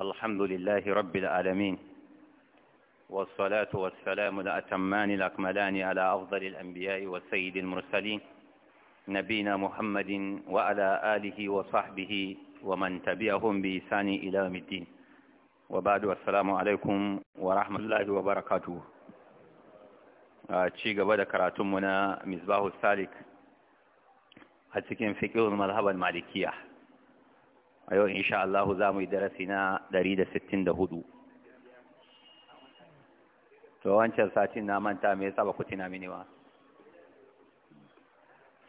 الحمد لله رب العالمين والصلاة والسلام لأتمان الأكملان على أفضل الأنبياء والسيد المرسلين نبينا محمد وعلى آله وصحبه ومن تبعهم بإسان إلى الدين وبعد والسلام عليكم ورحمة الله وبركاته ci آه، gaba كراتمنا karatunmu السالك misbahu salik a cikin fiƙihun a yau sha Allah za mu yi darasi na 164 to wancan satin na manta me yasa ba ku tina mini ba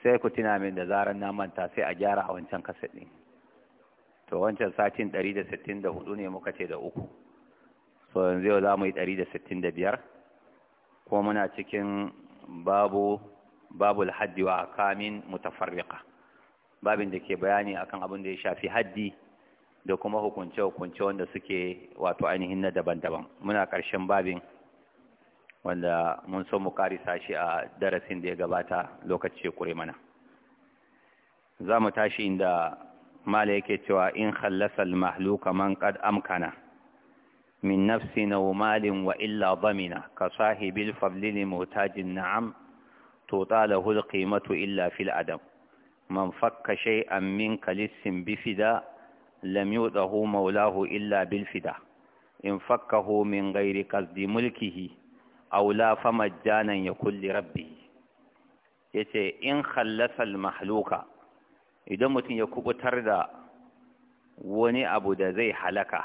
sai ku tuna min da zaran na manta sai a gyara a wancan kaset din to wancan satin 164 ne muka ce da uku so yanzu yau za mu yi 165 Ko muna cikin babu babu haddi wa kamin mutafarriqa babin da ke bayani akan abin da ya shafi haddi da kuma hukunce-hukunce wanda suke wato ainihin na daban-daban muna ƙarshen babin wanda mun so mu karisa shi a darasin da ya gabata lokaci kure mana za mu tashi inda mala yake cewa in khallasal mahluka man qad amkana min nafsi na malin wa illa damina ka sahibil fadlil muhtajin na'am to talahu al qimatu illa fil adam man fakka shay'an min kalissin bifida lam yudahu maulahu illa bil fida in fakkahu min ghairi qasdi mulkihi aw la famajjanan yakul li rabbihi yace in khallasa al mahluka idan mutum ya kubutar da wani abu da zai halaka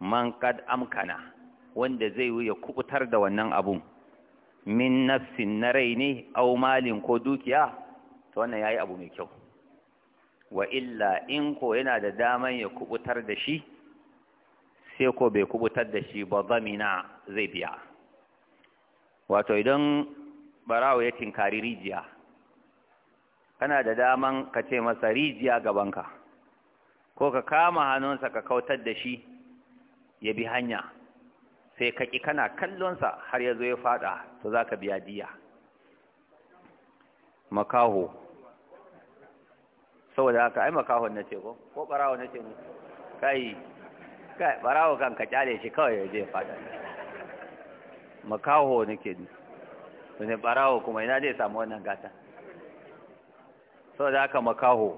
man kad amkana wanda zai ya kubutar da wannan abun min nafsin na rai ne au malin ko dukiya to wannan yayi abu mai kyau wa illa in ko yana da daman ya kubutar da shi sai ko bai kubutar da shi ba zamina zai biya wato idan barawo ya tinkari rijiya kana da daman ka ce masa rijiya gabanka ko ka kama hannunsa ka kautar da shi ya bi hanya sai ka ƙi kana kallonsa har ya zo ya faɗa to za ka biya diya makaho saboda haka ai makahon na ce ko ko barawo na ce ne kai kai barawo kan ka kyale shi kawai ya je fada makaho nake ni wani barawo kuma ina zai samu wannan gata saboda haka makaho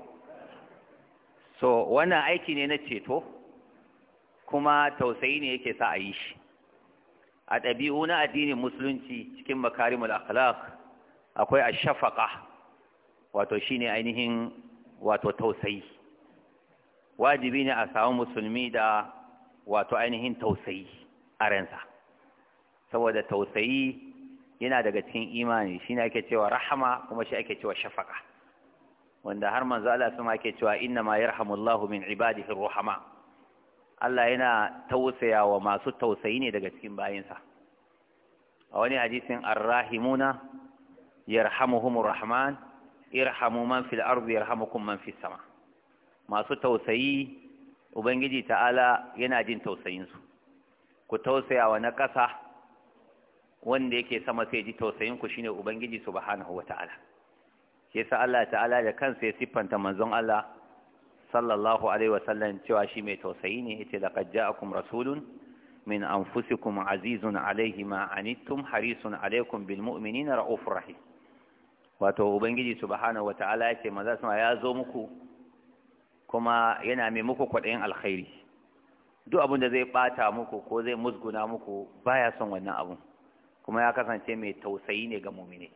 so wannan aiki ne na ceto kuma tausayi ne yake sa a yi shi a ɗabi'u na addinin musulunci cikin makarimul akhlaq akwai ashafaqa wato shine ainihin wato tausayi wajibi ne a samu musulmi da wato ainihin tausayi a ransa saboda tausayi yana daga cikin imani ne ake cewa rahama kuma shi ake cewa shafaka wanda har manzo Allah sama ake cewa inna ma yarhamullahu min ibadihi ruhama Allah yana tausayawa masu tausayi ne daga cikin bayinsa a wani hadisin arrahimuna yarhamuhumur rahman irhamu man fil ardi yarhamukum man fis sama masu tausayi ubangiji ta'ala yana jin tausayin su ku wa na ƙasa wanda yake sama sai ji tausayin ku shine ubangiji subhanahu wata'ala yasa Allah ta'ala da kansa ya siffanta manzon Allah sallallahu alaihi sallam, cewa shi mai tausayi ne yace laqad ja'akum rasulun min anfusikum azizun alaihi ma anittum harisun alaikum bil mu'minina raufur rahim wato ubangiji subhanahu wataala yake maza sama ya zo muku kuma yana mai muku kwaɗayin alkhairi duk abin da zai bata muku ko zai musguna muku baya son wannan abun kuma ya kasance mai tausayi ne ga mumine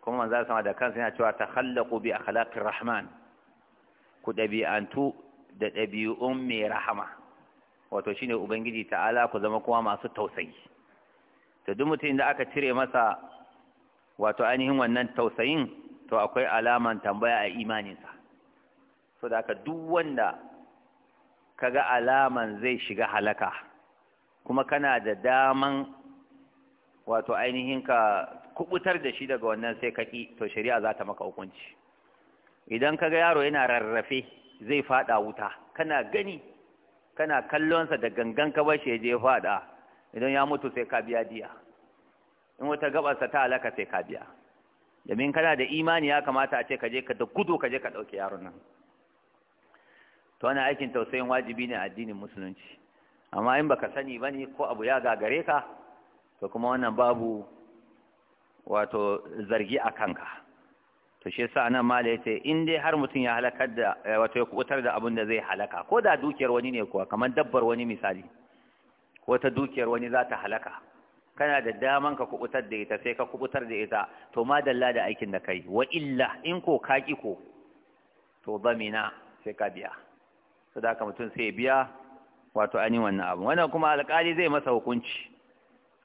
kuma manzo sama da kansa yana cewa takhallaqu bi akhlaqir rahman ku ɗabi'antu da dabi'un mai rahama wato shine ubangiji ta'ala ku zama kuma masu tausayi to duk mutum da aka cire masa wato ainihin wannan tausayin to akwai alaman tambaya a imaninsa so da ka duk wanda kaga alaman zai shiga halaka kuma kana da daman wato ainihin ka kubutar da shi daga wannan sai kaki to shari'a za ta maka hukunci idan kaga yaro yana rarrafe zai fada wuta kana gani kana kallonsa da gangan ka bar shi ya je fada idan ya mutu sai ka biya diya in wata gabarsa ta halaka sai ka biya domin kana da imani ya kamata a ce ka je ka da gudu ka je ka ɗauki yaron nan to ana aikin tausayin wajibi ne a addinin musulunci amma in baka sani bane ko abu ya gagare ka to kuma wannan babu wato zargi a kanka to shi yasa nan mala yace in dai har mutum ya halakar da wato ya kubutar da abin da zai halaka ko da dukiyar wani ne kuwa kamar dabbar wani misali ko ta dukiyar wani za ta halaka kana da daman ka kubutar da ita sai ka kubutar da ita to ma dalla da aikin da kai wa illa in ko ka ki ko to zamina sai ka biya sadaka haka mutum sai biya wato ani wannan abu wannan kuma alƙali zai masa hukunci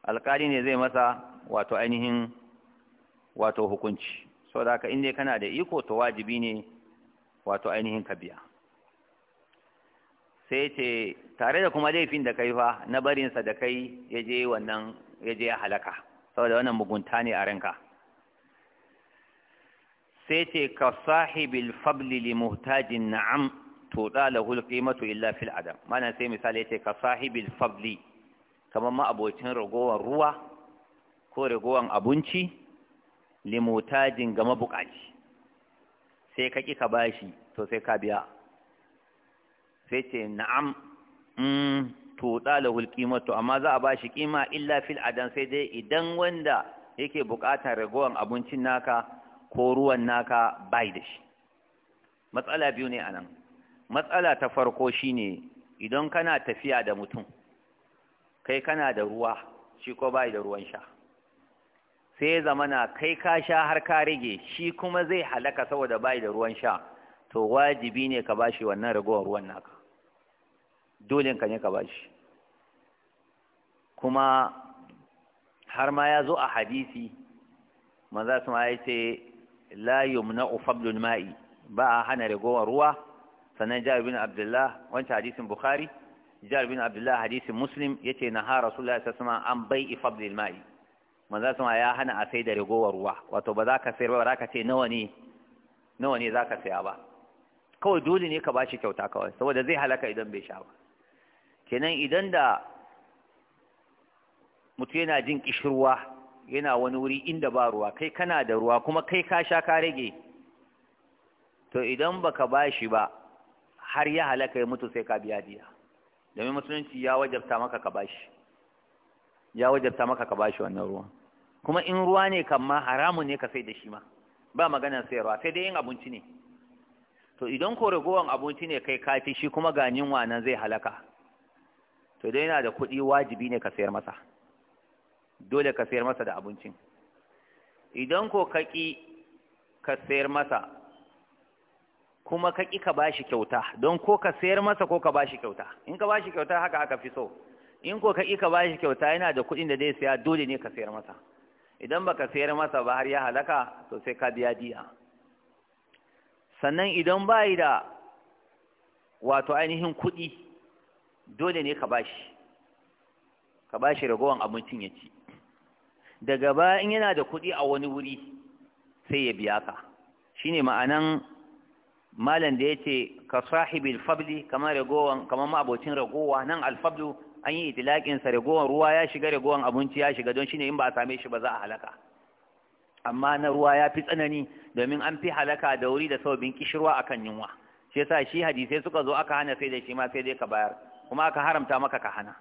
alƙali ne zai masa wato ainihin wato hukunci saboda haka in dai kana da iko to wajibi ne wato ainihin ka biya sai ce tare da kuma laifin da kai fa na barinsa da kai ya je wannan ya je ya halaka saboda wannan mugunta ne a ranka sai ce ka sahibil fabli muhtajin na'am to dalahu alqimatu illa fil adam mana sai misali yace ka sahibil fabli kamar ma abocin ragowar ruwa ko ragowar abinci li muhtajin ga mabukaci sai ka ƙi ka bashi to sai ka biya sai ce na'am mm, to dalahul qimatu amma za a shi kima illa fil adan sai dai idan wanda yake buƙatar ragowan abincin naka ko ruwan naka bai da shi matsala biyu ne anan matsala ta farko shine idan kana tafiya da mutum kai kana da ruwa shi ko bai da ruwan sha sai zamana kai ka sha har ka rage shi kuma zai halaka saboda bai da ruwan sha to wajibi ne ka bashi wannan ragowar ruwan naka dole ka ne ka bashi kuma har ma ya zo a hadisi maza su ma ya ce la na'u fadlul ma'i ba a hana ragowar ruwa sannan jabir bin abdullah wancan hadisin bukhari jabir bin abdullah hadisin muslim yace naha rasulullahi sallallahu alaihi wasallam an bai'i fadlul ma'i maza su ma ya hana a sai da ragowar ruwa wato ba za ka sayar ba ba za ka ce nawa ne nawa ne za ka saya ba kawai dole ne ka ba shi kyauta kawai saboda zai halaka idan bai sha ba kenan idan da mutum yana jin ƙishirwa yana wani wuri inda ba ruwa kai kana da ruwa kuma kai ka sha ka rage to idan baka ka ba har ya halaka ya mutu sai ka biya diya domin musulunci ya wajabta maka ka bashi ya wajabta maka ka bashi wannan ruwan kuma in ruwa ne kan ma haramun ne ka sai da shi ma ba maganar sayarwa sai dai yin abinci ne to idan ko ragowar abinci ne kai kafi shi kuma ganin nan zai halaka to dai yana da kuɗi wajibi ne ka sayar masa dole ka sayar masa da abincin idan ko ka ka sayar masa kuma ka ka ba kyauta don ko ka sayar masa ko ka bashi kyauta in ka ba kyauta haka aka fi so in ko ka ka ba kyauta yana da kuɗin da zai saya dole ne ka sayar masa idan baka sayar masa ba har ya halaka to sai ka biya diya sannan idan bayi da wato ainihin kuɗi dole ne ka bashi ka bashi ragowar abincin ya ci daga baya in yana da kuɗi a wani wuri sai ya biya ka Shi ne ma'anan malam da ya ce ka sahibil fabli kamar ragowar kamar ma'abocin ragowa nan alfablu an yi itilakin Ragowar ruwa ya shiga ragowar abinci ya shiga don shi ne in ba a same shi ba za a halaka amma na ruwa ya fi tsanani domin an fi halaka da wuri da saubin kishirwa akan yunwa shi yasa shi hadisai suka zo aka hana sai da shi ma sai dai ka bayar kuma aka haramta maka ka hana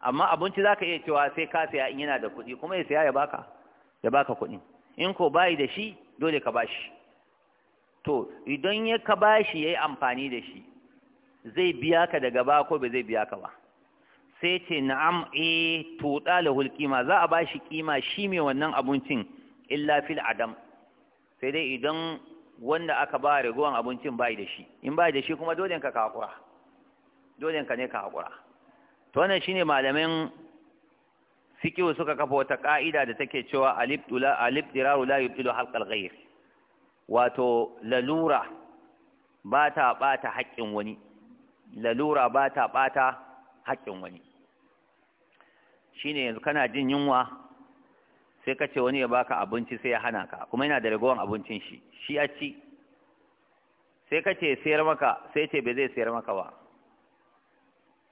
amma abinci za ka iya cewa sai ka saya in yana da kuɗi kuma ya saya ya baka ya baka kuɗi in ko bayi da shi dole ka bashi to idan ya ka bashi ya yi amfani da shi zai biya ka daga ba ko ba zai biya ka ba sai ce na'am e to dalahul kima za a bashi kima shi mai wannan abincin illa fil adam sai dai idan wanda aka ba ragowan abincin bai da shi in bai da shi kuma dole ka kakura dole ka ne ka haƙura to wannan shine malamin fikihu suka kafa wata ka'ida da take cewa alibtula alibtiraru la yubtilu halqal ghayr wato lalura ba ta bata haƙƙin wani lalura ba ta bata haƙƙin wani shine yanzu kana jin yunwa sai ka ce wani ya baka abinci sai ya hana ka kuma yana da ragowar abincin shi shi a ci sai ka ce sayar maka sai ce bai zai sayar maka ba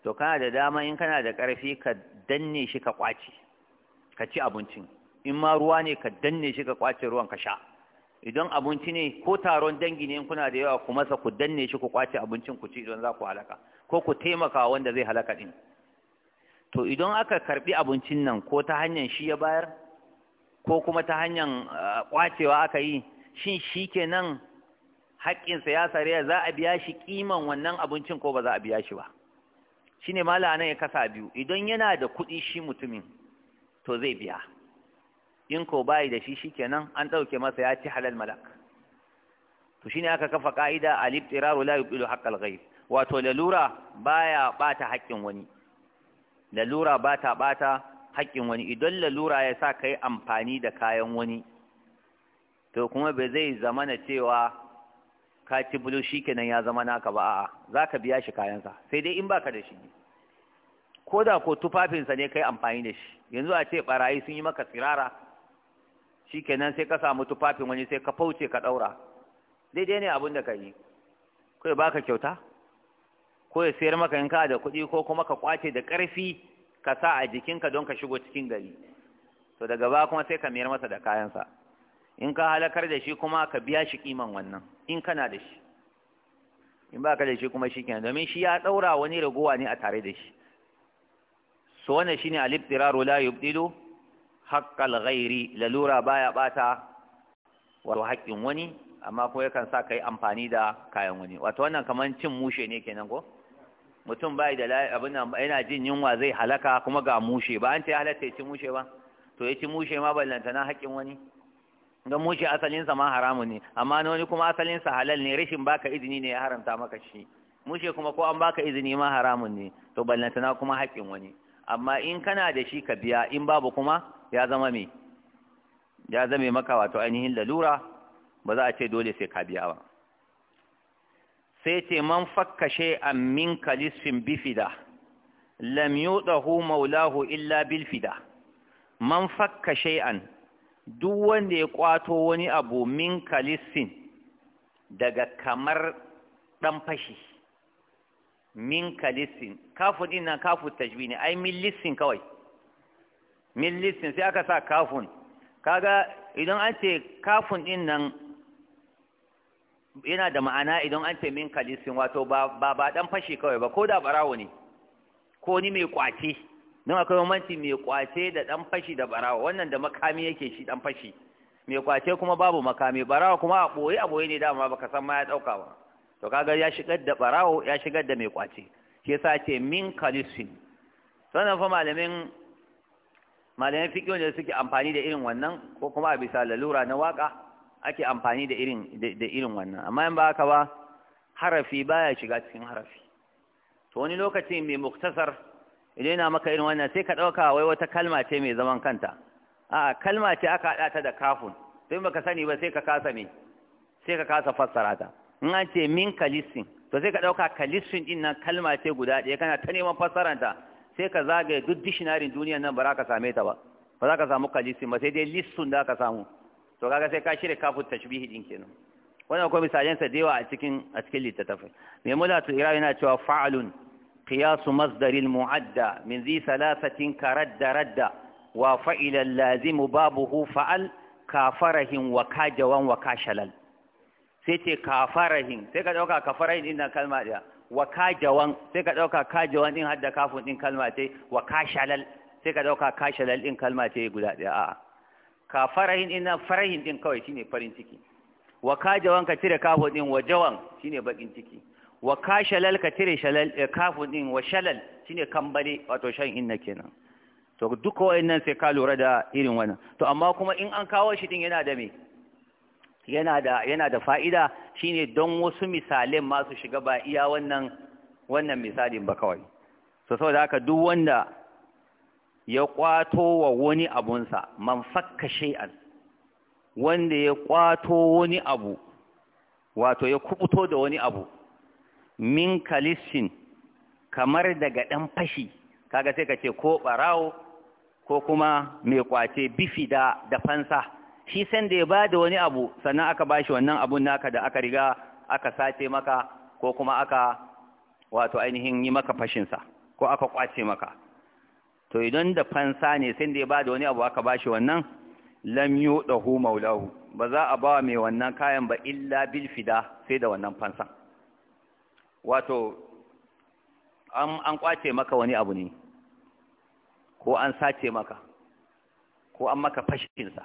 to kana da dama in kana da ƙarfi ka danne shi ka kwace ka ci abincin in ma ruwa ne ka danne shi ka kwace ruwan ka sha idan abinci ne ko taron dangi ne in kuna da yawa ku masa ku danne shi ku kwace abincin ku ci idan za ku halaka ko ku taimaka wanda zai halaka din to idan aka karbi abincin nan ko ta hanyar shi ya bayar ko kuma ta hanyar kwacewa ah, aka yi shin shi kenan haƙƙinsa ya sare za a biya shi ƙiman wannan abincin ko ba za a biya shi ba ne ma nan ya kasa biyu idan yana da kuɗi shi mutumin to zai biya in ko bayi da shi shikenan an ɗauke masa ya ci halal malak to shi ne aka kafa ƙa'ida al-ibtiraru la yubilu haƙƙal ghaib wato lalura baya bata haƙƙin wani lalura bata bata haƙƙin wani idan lalura ya sa kai amfani da kayan wani to kuma bai zai zamana cewa ka ci bulo kenan ya zama naka ba a'a zaka biya shi kayansa sai dai in baka da shi ko da ko tufafinsa ne kai amfani da shi yanzu a ce barayi sun yi maka tsirara shikenan sai ka samu tufafin wani sai ka fauce ka daura daidai ne abin da ka yi ko ya baka kyauta ko ya sayar maka yanka da kuɗi ko kuma ka kwace da ƙarfi ka sa a jikinka don ka shigo cikin gari to daga ba kuma sai ka mayar masa da kayansa in ka halakar da shi kuma ka biya shi kiman wannan in kana da shi in ba ka da shi kuma shi kenan domin shi ya ɗaura wani raguwa ne a tare da shi so wannan shine al-ibtiraru la yubdilu haqqal ghairi lalura baya bata wato haƙƙin wani amma ko yakan sa kai amfani da kayan wani wato wannan kaman cin mushe ne kenan ko mutum bai da abin nan yana jin yunwa zai halaka kuma ga mushe ba an ce halatta ya ci mushe ba to ya ci mushe ma ballantana haƙƙin wani don mushi asalinsa ma haramun ne amma na wani kuma asalinsa halal ne rashin baka izini ne ya haramta maka shi mushe kuma ko an baka izini ma haramun ne to ballantana kuma haƙƙin wani amma in kana da shi ka biya in babu kuma ya zama me ya zame maka wato ainihin lalura ba za a ce dole sai ka biya ba sai ce man fakka shay'an min kalisfin bifida lam yuɗahu maulahu illa bilfida man fakka shay'an duk wanda ya kwato wani abu min kalisin daga kamar ɗan fashi min kalisin kafin ɗin nan kafu tajbi ne ai min lisin kawai min lisin sai aka sa kafin kaga idan an ce kafin ɗin nan yana da ma'ana idan an ce min kalisin wato ba ba ɗan fashi kawai ba ko da ɓarawo ne ko ni mai kwace don akwai bambanci mai kwace da dan fashi da barawa wannan da makami yake shi dan fashi mai kwace kuma babu makami barawa kuma a boye a boye ne dama baka san ma ya dauka ba to kaga ya shigar da barawo ya shigar da mai kwace Ke sa ce min kalisin sannan fa malamin malamin fiqh da suke amfani da irin wannan ko kuma a bisa lalura na waka ake amfani da irin da irin wannan amma in ba haka ba harafi baya shiga cikin harafi to wani lokaci mai muktasar idan yana maka irin wannan sai ka ɗauka wai wata kalma ce mai zaman kanta a kalma ce aka haɗa ta da kafun sai baka sani ba sai ka kasa me sai ka kasa fassara ta in an ce min kalisin to sai ka ɗauka kalisin din nan kalma ce guda ɗaya kana ta neman ta sai ka zagaye duk dishinarin duniyan nan ba za ka same ta ba ba za ka samu kalisin ba sai dai lissun da ka samu to kaga sai ka shirya kafin tashbihi din kenan wannan akwai misalansa da yawa a cikin a cikin littattafai mai mulatu irawi yana cewa fa'alun قياس مصدر المعدى من ذي ثلاثة كرد رد وفعل اللازم بابه فعل كافرهم وكاجوا وكاشلل سيتي كافرهم سيكا دوكا كافرهم إن كلمة دي وكاجوا سيكا دوكا كاجوا إن هذا كافو إن كلمة دي وكاشلل سيكا دوكا كاشلل إن كلمة دي قد دي آه كافرهم إن فرهم إن كوي شيني فرين تكي وكاجوا كتير كافو إن وجوا شيني بقين تكي wa ka shalal ka cire shalal eh, kafin ɗin wa shalal shine kambare wato shan inna kenan to duka wayannan sai ka lura da irin wannan to amma kuma in an kawo shi din yana da me yana da yana da fa'ida shine don wasu misalin masu shiga ba iya wannan wannan misalin ba kawai so saboda haka duk wanda ya kwato wa wani abunsa man fakka shay'an wanda ya kwato wani abu wato ya kubuto da wani abu min kalisin, kamar daga ɗan fashi kaga sai ka ce ko ɓarawo ko kuma mai kwace bifi da da fansa shi san da ya ba da wani abu sannan aka ba shi wannan abun naka da aka riga aka sace maka ko kuma aka wato ainihin yi maka fashinsa ko aka kwace maka to idan da fansa ne sai da ya ba da wani abu aka ba shi wannan lam ɗahu maulahu ba za a ba mai wannan kayan ba illa bil fida sai da wannan fansan wato an kwace maka wani abu ne ko an sace maka ko an maka fashinsa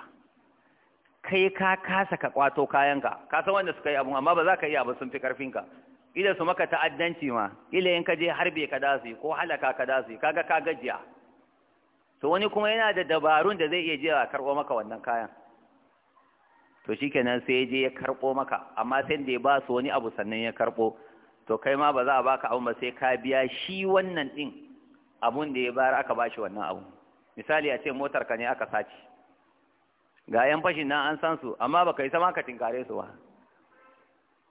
kai ka kasa ka kwato kayanka ka san wanda suka yi abun amma ba za ka iya abin sun fi karfinka ila su maka ta'addanci ma ila yin ka je harbe ka dasi ko halaka ka dasi kaga ka gajiya to wani kuma yana da dabarun da zai iya je a karbo maka wannan kayan to shikenan sai ya je ya karbo maka amma sai da ya ba su wani abu sannan ya karbo to kai ma ba za a baka abu ba sai ka biya shi wannan din abun da ya bayar aka bashi wannan abu misali a ce motar ka ne aka sace ga yan fashin nan an san su amma baka yi sama ka tinkare su ba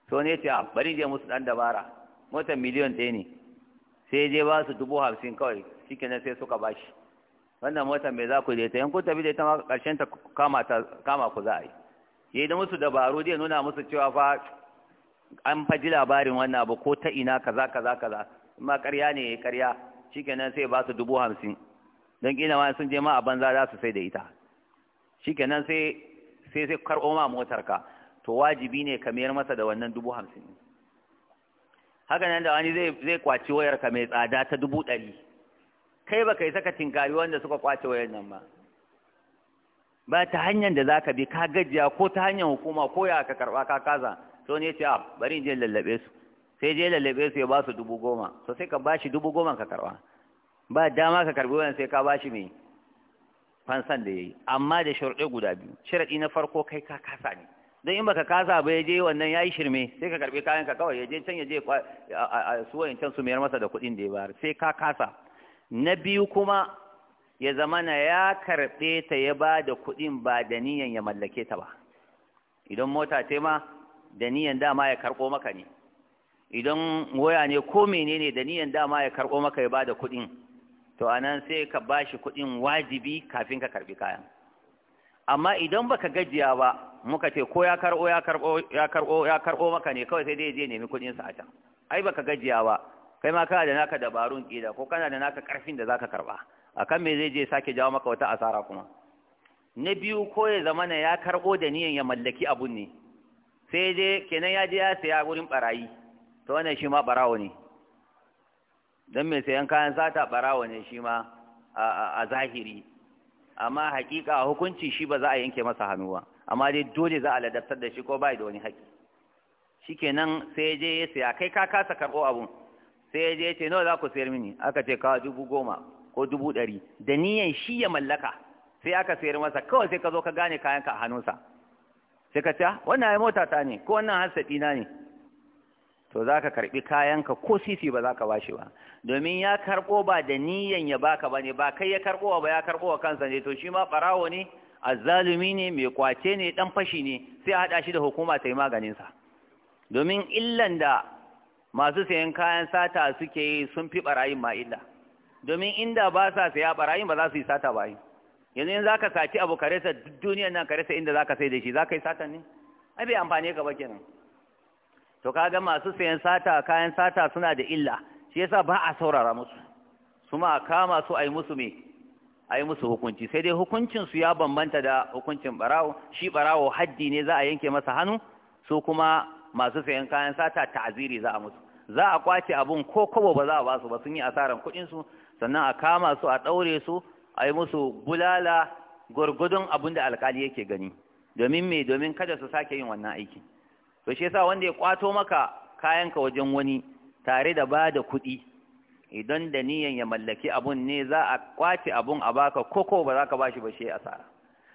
so ne ce a ah, bari je musu dan dabara motar miliyon ɗaya ne sai je ba su dubu hamsin kawai shike sai suka bashi wannan motar me za ku je ta kun tafi da ita ma karshen ta kama ku za a yi yi da musu dabaru zai nuna musu cewa fa an faji labarin wannan abu ko ta ina kaza kaza kaza ma ƙarya ne ƙarya shikenan sai ba su dubu hamsin don kila ma sun je ma a banza za su sai da ita shikenan sai sai sai karɓo ma motar ka to wajibi ne ka mayar masa da wannan dubu hamsin haka nan da wani zai zai kwaci wayar ka mai tsada ta dubu ɗari kai ba kai saka tinkari wanda suka kwace wayar nan ba ba ta hanyar da za ka bi ka gajiya ko ta hanyar hukuma ko ya ka karɓa ka kaza to ne ce a bari je lallabe su sai je lallabe su ya ba su dubu goma so sai ka bashi dubu goma ka karba ba dama ka karbi wannan sai ka bashi mai fansan da yayi amma da sharuɗe guda biyu sharaɗi na farko kai ka kasa ne don in baka kasa ba ya je wannan ya yi shirme sai ka karbi ka kawai ya je can ya je a su can su mayar masa da kuɗin da ya bayar sai ka kasa na biyu kuma ya zamana ya karɓe ta ya ba da kuɗin ba da niyan ya mallake ta ba idan mota ce ma da niyan dama ya karɓo maka ne idan waya ne ko menene da niyan dama ya karɓo maka ya bada kuɗin to anan sai ka bashi kuɗin wajibi kafin ka karɓi kayan amma idan baka gajiya ba muka ce ko ya karɓo ya karɓo maka ne kawai sai dai je nemi kuɗin sa a can ai baka gajiya ba kai ma kana da naka dabarun ƙida ko kana da naka karfin da zaka karɓa akan me zai je sake jawo maka wata asara kuma na biyu ko ya zamana ya karɓo da niyan ya mallaki abun ne sai je kenan ya je ya saya wurin barayi to wannan shi ma barawo ne don mai sayan kayan sata barawo ne shi ma a zahiri amma hakika a hukunci shi ba za a yanke masa hannu ba amma dai dole za a ladabtar da shi ko bai da wani haƙi shikenan sai je ya saya kai ka kasa karɓo abun sai je ya ce nawa za ku sayar mini aka ce kawo dubu goma ko dubu ɗari da niyan shi ya mallaka sai aka sayar masa kawai sai ka zo ka gane kayanka a hannunsa sai ka ce ah, wannan ai mota ta ne ko wannan hasabi na ne to za ka karɓi kayanka ko sisi ba za ka bashi ba domin ya karbo ba da niyan ya baka ba ne ba kai ya karbo ba ya karbo wa kansa ne to shi ma ɓarawo ne azzalumi ne mai kwace ne dan fashi ne sai a haɗa shi da hukuma ta yi sa domin illan da masu sayan kayan sata suke yi sun fi barayin ma illa domin inda ba sa saya ɓarayin ba za su yi sata ba yi yanzu za ka saci abu ka rasa duk duniyar nan ka rasa inda za ka sai da shi za ka yi satan ne ai bai ka ba nan. to kaga masu sayan sata kayan sata suna da illa shi yasa ba a saurara musu su ma kama su ai musu me musu hukunci sai dai hukuncin su ya bambanta da hukuncin barawo shi barawo haddi ne za a yanke masa hannu su kuma masu sayan kayan sata ta'ziri za a musu za a kwace abun ko kobo ba za a ba su ba sun yi asaran kuɗin su sannan a kama su a ɗaure su a yi musu bulala gurgudun abin da alkali yake gani domin mai domin kada su sake yin wannan aiki to shi yasa wanda ya kwato maka kayanka wajen wani tare da ba da kuɗi idan da niyan ya mallaki abun ne za a kwace abun a baka koko ba za ka bashi ba shi asara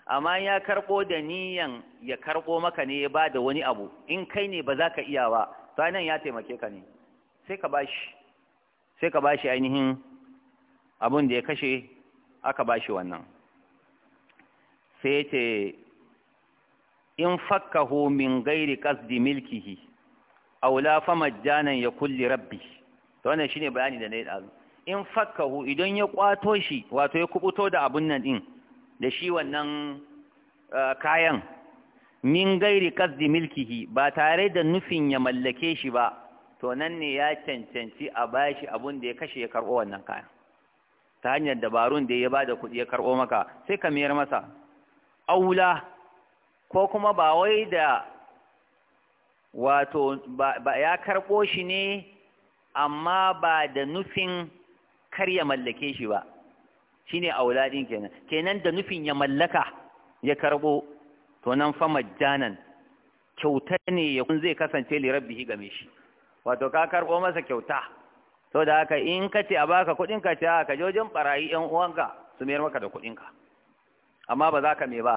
amma ya karɓo da niyan ya karɓo maka ne ya ba da wani abu in kai ne ba za ka iya ba to nan ya taimake ka ne sai ka bashi sai ka shi ainihin abun da ya kashe aka ba shi wannan sai ce in fakkahu min gairi kasdi milkihi aw la fa majjanan ya kulli rabbi to wannan shine bayani da nayi dazu in fakkahu idan ya kwato shi wato ya kubuto da abun nan din da shi wannan eh, kayan min gairi kasdi milkihi ba tare da nufin ya mallake shi ba to nan ne ya cancanci a bashi abun da ya kashe ya karbo wannan kayan ta hanyar dabarun da ya ba da kuɗi ya karɓo maka sai ka mayar masa aula ko kuma ba wai da wato ba ya karɓo shi ne amma ba da nufin kar ya mallake shi ba Shi ne aula din kenan kenan da nufin ya mallaka ya karɓo to nan fa majjanan kyauta ne ya kun zai kasance lirabbihi rabbihi game shi wato ka karɓo masa kyauta sau da haka in ka ce a baka kuɗin ka ce ka je wajen barayi yan uwanka su mayar maka da kuɗin ka amma ba za ka me ba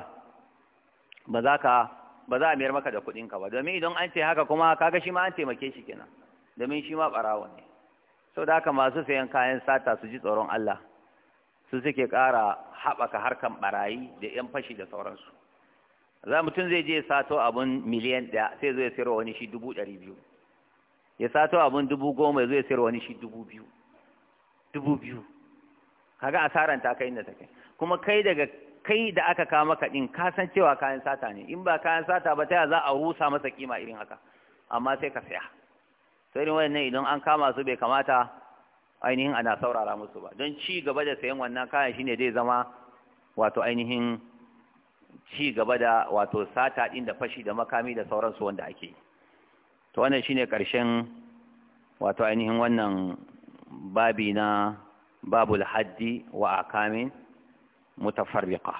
ba za ka ba za a mayar maka da kuɗin ka ba domin idan an ce haka kuma kaga shi ma an taimake shi kenan domin shi ma barawo ne sau da haka masu sayan kayan sata su ji tsoron Allah su suke ƙara haɓaka harkan barayi da 'yan fashi da sauransu za mutum zai je sato abun miliyan ɗaya sai zai sayarwa wani shi dubu ɗari biyu ya sato abin dubu goma ya zo ya sayar wani shi dubu biyu dubu biyu kaga asaran ta kai inda ta kai kuma kai daga kai da aka kawo maka din ka san cewa kayan sata ne in ba kayan sata ba ta za a rusa masa kima irin haka amma sai ka saya sai irin wannan idan an kama su bai kamata ainihin ana saurara musu ba don ci gaba da sayan wannan kayan ne zai zama wato ainihin ci gaba da wato sata din da fashi da makami da sauransu wanda ake yi to wannan ne ƙarshen wato ainihin wannan babi na babul haddi wa akamin mutafarriqa